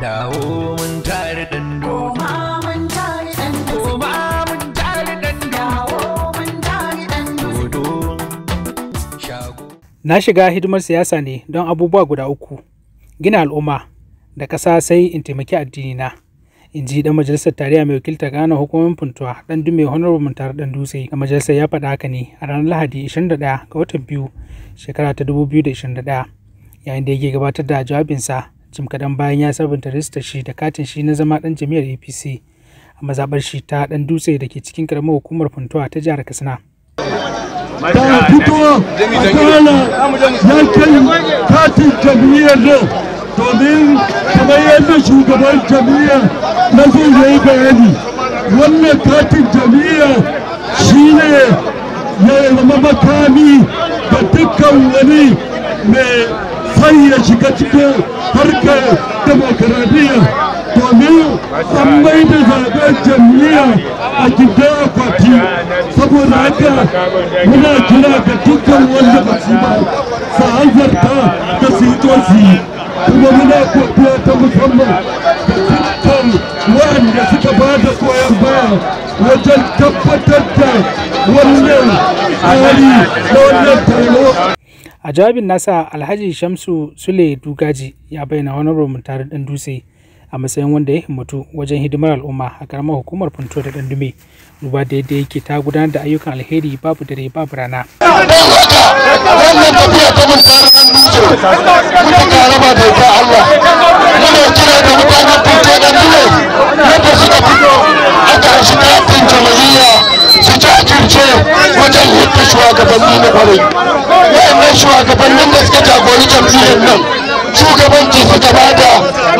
Dawo Na shiga hidimar siyasa ne don abubuwa guda uku. Gina al'umma da kasa sai in taimaki addini na. in ji ɗan majalisar tarayya mai wakilta gana hukumomin funtuwa dan dume honorable muntar dan dutse A majalisar ya faɗa haka ne a ranar lahadi 21 ga watan biyu shekara ta 2021 yayin da yake gabatar da jawabinsa jim kadan bayan ya sabunta rajistar shi da katin shi na zama dan jami'ar apc a mazabar shi ta dan dutse da ke cikin karamar hukumar funtuwa ta jihar katsina da fito a kana yankin katin jami'ar nan domin kamar yadda shugaban jami'ar na zo yi bayani wannan katin jami'ar shi ne ya zama makami da dukkan wani mai sai ya shiga cikin harkar demokradiyya domin an mai da zaben jam'iyya a gida akwati saboda haka muna kira ga dukkan wanda ba su ba sa hanzarta da su yi su kuma muna godiya ta musamman da dukkan waɗanda suka ba da koyon baya wajen tabbatar da wannan tsari na wannan taro a jawabin nasa alhaji shamsu sule dugaji ya bayyana honorable mutare dan dutse a matsayin wanda ya himmatu wajen hidimar al'umma a karamar hukumar funto da dume duba da yadda yake ta gudanar da ayyukan alheri babu dare babu rana wannan tafiya ta na shugabannin da suka jagori jam'iyyar nan shugabanci suka bada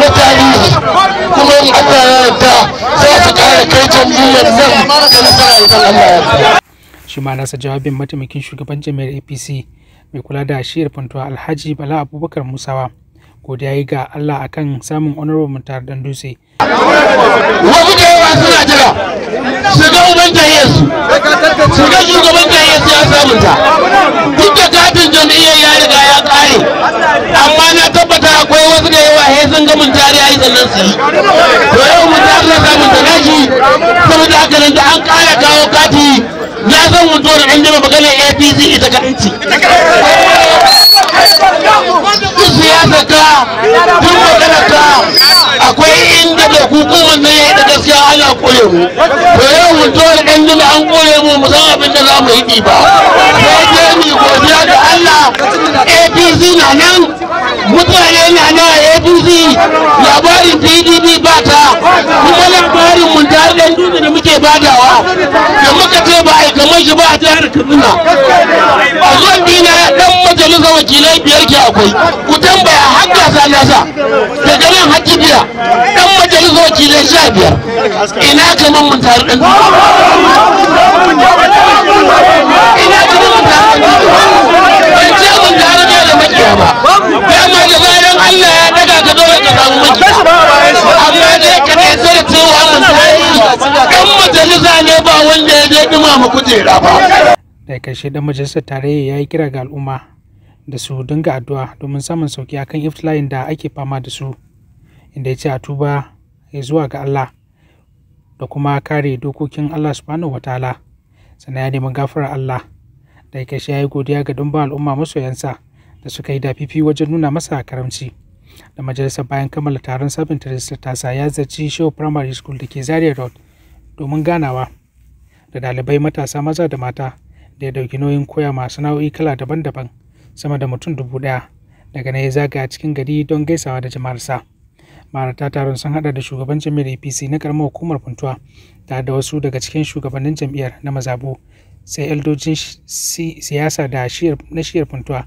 na tarihi kuma in Allah ya yarda za su kare kai jam'iyyar nan da nasara idan Allah ya shi ma nasa jawabin mataimakin shugaban jami'ar APC mai kula da shiyar fantuwa Alhaji Bala Abubakar Musawa godiya yi ga Allah akan samun honorable mutar Danduse. Wasu da yawa suna jira su ga uban tahiyarsu su ga shugaban tahiyarsu ya samunta duk da akwai wasu da yawa sai sun ga mun tare ai sannan su yi to yau mun ta Allah samu talashi saboda haka nan da an kara kawo kati na san mun to da an jima magana APC ita ka inci duk siyasa ka duk magana ka akwai inda da hukumar nan ya yi da gaskiya ana kore mu to yau mun to da an jima an koya mu mu san abin da za mu yi ba sai dai mu godiya ga Allah APC na nan mutane labarin pdp ba ta kuma labarin mun ta da dutse da muke badawa da muka ce ba a yi kamar shi ba a jihar kaduna a zuwan dina dan majalisa wakilai biyar ke akwai ku tambaya har gasa nasa daga nan har biya dan majalisa wakilai sha biyar ina kamar mun tare da dutse ina kamar mun tare da da karshe dan majalisar tarayya ya yi kira ga al'umma da su dinga addu'a domin samun sauki akan iftila'in da ake fama da su inda ya ce a tuba ya zuwa ga Allah da kuma kare dokokin Allah subhanahu wataala sannan ya nemi gafarar Allah da karshe ya yi godiya ga dumba al'umma masoyansa da suka yi dafifi wajen nuna masa karamci. da majalisar bayan kammala taron sabinta da tasa ya zaci show primary school da ke zaria road domin ganawa da dalibai matasa maza da mata da ya dauki nauyin koya masu nau'i kala daban-daban sama da mutum dubu daya daga na ya a cikin gari don gaisawa da jama'arsa marata taron sun hada da shugaban jami'ar apc na karamar hukumar puntuwa tare da wasu daga cikin shugabannin jam'iyyar na mazabu sai eldojin siyasa da na shiyar puntuwa